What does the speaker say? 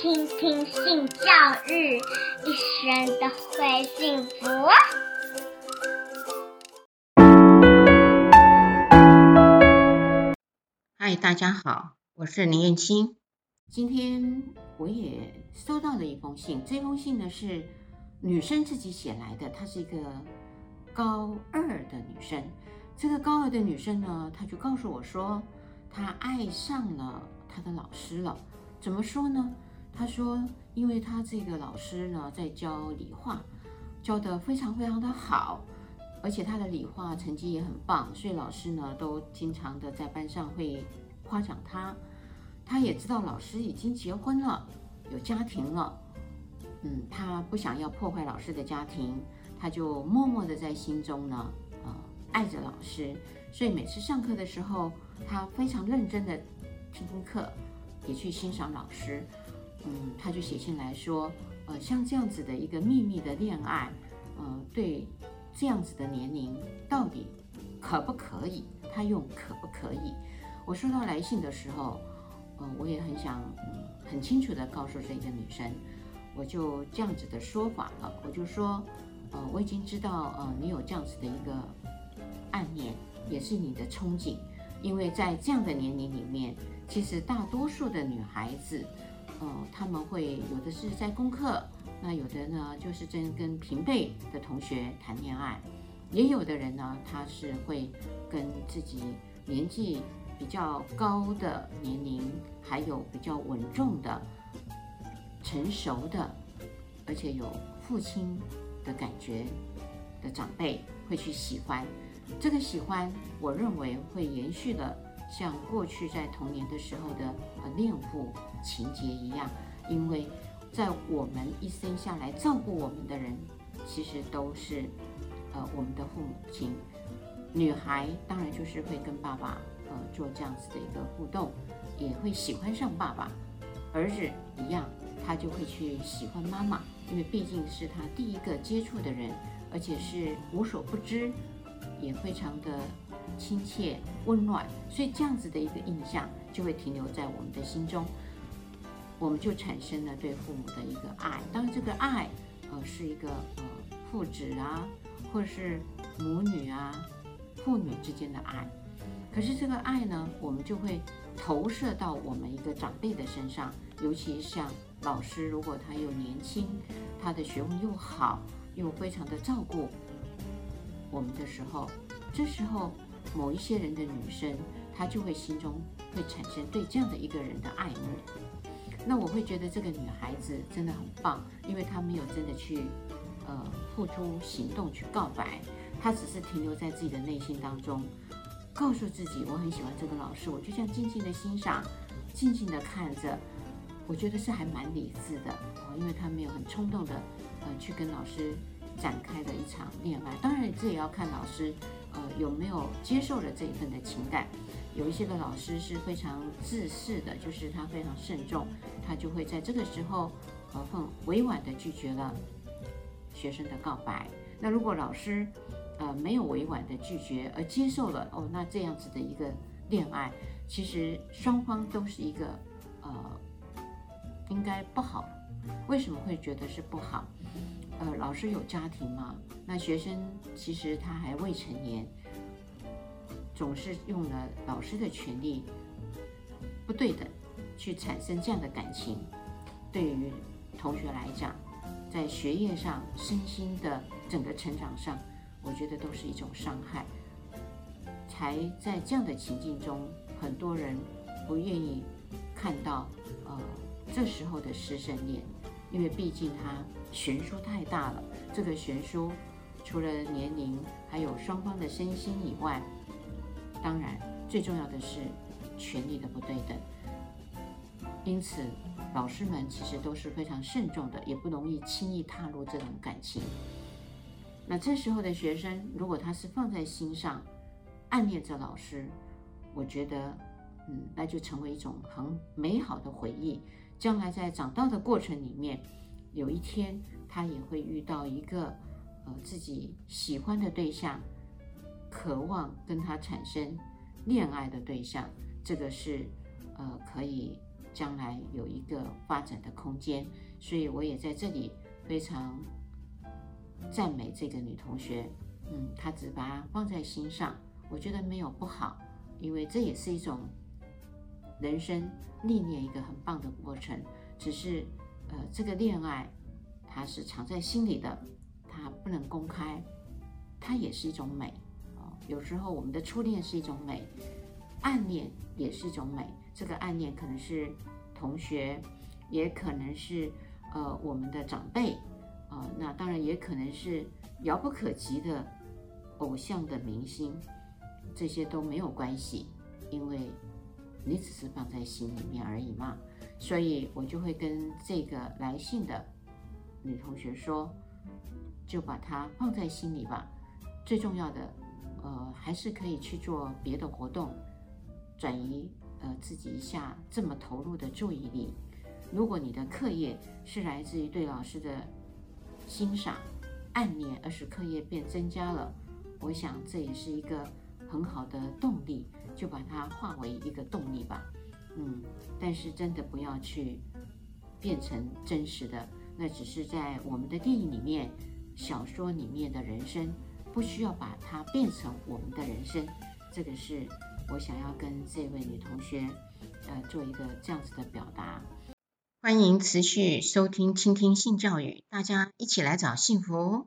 聽聽性教育，一生都會幸福啊。嗨，大家好，我是林燕青。今天我也收到了一封信，這封信呢是女生自己寫來的。她是一個高二的女生，這個高二的女生呢，她就告訴我說，她愛上了她的老師了。怎麼說呢？他說：“因為他這個老師呢，在教理化，教得非常非常的好，而且他的理化成績也很棒，所以老師呢，都經常地在班上會誇獎他。他也知道老師已經結婚了，有家庭了，嗯，他不想要破壞老師的家庭，他就默默地在心中呢，呃、嗯，愛着老師。所以每次上課的時候，他非常認真地聽課，也去欣賞老師。”嗯，他就寫信來說，呃，像這樣子的一個秘密的戀愛，呃，對這樣子的年齡到底可不可以？他用可不可以？我收到來信的時候，嗯、呃，我也很想、嗯、很清楚的告訴這個女生，我就這樣子的說法了，我就說，呃，我已經知道，呃，你有這樣子的一個暗戀，也是你的憧憬，因為在這樣的年齡裡面，其實大多數的女孩子。嗯，他們會有的是在功課，那有的呢就是在跟平輩的同學談戀愛，也有的人呢，他是會跟自己年紀比較高的年齡，還有比較穩重的、成熟的，而且有父親的感覺的長輩會去喜歡。這個喜歡我認為會延續的。像過去在童年的時候的呃戀父情結一樣，因為在我們一生下來照顧我們的人，其實都是呃我們的父母親。女孩，當然就是會跟爸爸呃做這樣子的一個互動，也會喜歡上爸爸。兒子一樣，他就會去喜歡媽媽，因為畢竟是他第一個接觸的人，而且是無所不知。也非常的親切溫暖，所以這樣子的一個印象就會停留在我們的心中，我們就產生了對父母的一個愛。當然，這個愛，呃，是一個呃父子啊，或者是母女啊，父女之間的愛。可是這個愛呢，我們就會投射到我們一個長輩的身上，尤其像老師，如果他又年輕，他的學問又好，又非常的照顧。我們的時候，這時候某一些人的女生，她就會心中會產生對這樣的一個人的愛慕。那我會覺得這個女孩子真的很棒，因為她沒有真的去，呃，付出行動去告白，她只是停留在自己的內心當中，告訴自己我很喜歡這個老師，我就這樣靜靜的欣賞，靜靜的看着，我覺得是還蠻理智的哦，因為她沒有很衝動的，呃，去跟老師。展開的一場戀愛，當然這也要看老師，呃，有沒有接受了這一份的情感。有一些的老師是非常自私的，就是他非常慎重，他就會在這個時候，呃，很委婉的拒絕了學生的告白。那如果老師，呃，沒有委婉的拒絕而接受了，哦，那這樣子的一個戀愛，其實雙方都是一個，呃，應該不好。為什麼會覺得是不好？呃，老師有家庭嗎？那學生其實他還未成年，總是用了老師的權力不對等，去產生這樣的感情，對於同學來講，在學業上、身心的整個成長上，我覺得都是一種傷害。才在這樣的情境中，很多人不願意看到，呃，這時候的師生戀。因為畢竟他懸殊太大了，這個懸殊除了年齡，還有雙方的身心以外，當然最重要的是權力的不對等。因此，老師們其實都是非常慎重的，也不容易輕易踏入這種感情。那這時候的學生，如果他是放在心上，暗戀着老師，我覺得，嗯，那就成為一種很美好的回憶。將來在長大的過程裡面，有一天他也會遇到一個，呃，自己喜歡的對象，渴望跟他產生戀愛的對象，這個是呃可以將來有一個發展的空間。所以我也在這裡非常讚美這個女同學，嗯，她只把她放在心上，我覺得沒有不好，因為這也是一種。人生歷練一個很棒的過程，只是，呃，這個戀愛它是藏在心裡的，它不能公開，它也是一種美，啊、哦，有時候我們的初戀是一種美，暗戀也是一種美，這個暗戀可能是同學，也可能是呃我們的長輩，啊、呃，那當然也可能是遙不可及的偶像的明星，這些都沒有關係，因為。你只是放在心裡面而已嘛，所以我就會跟這個來信的女同學說，就把它放在心裡吧。最重要的，呃，還是可以去做別的活動，轉移呃自己一下這麼投入的注意力。如果你的課業是來自於對老師的欣賞、暗戀，而使課業變增加了，我想這也是一個很好的動力。就把它化為一個動力吧，嗯，但是真的不要去變成真實的，那只是在我們的電影裡面、小說裡面的人生，不需要把它變成我們的人生。這個是我想要跟這位女同學，呃，做一個這樣子的表達。歡迎持續收聽《傾聽性教育》，大家一起來找幸福哦。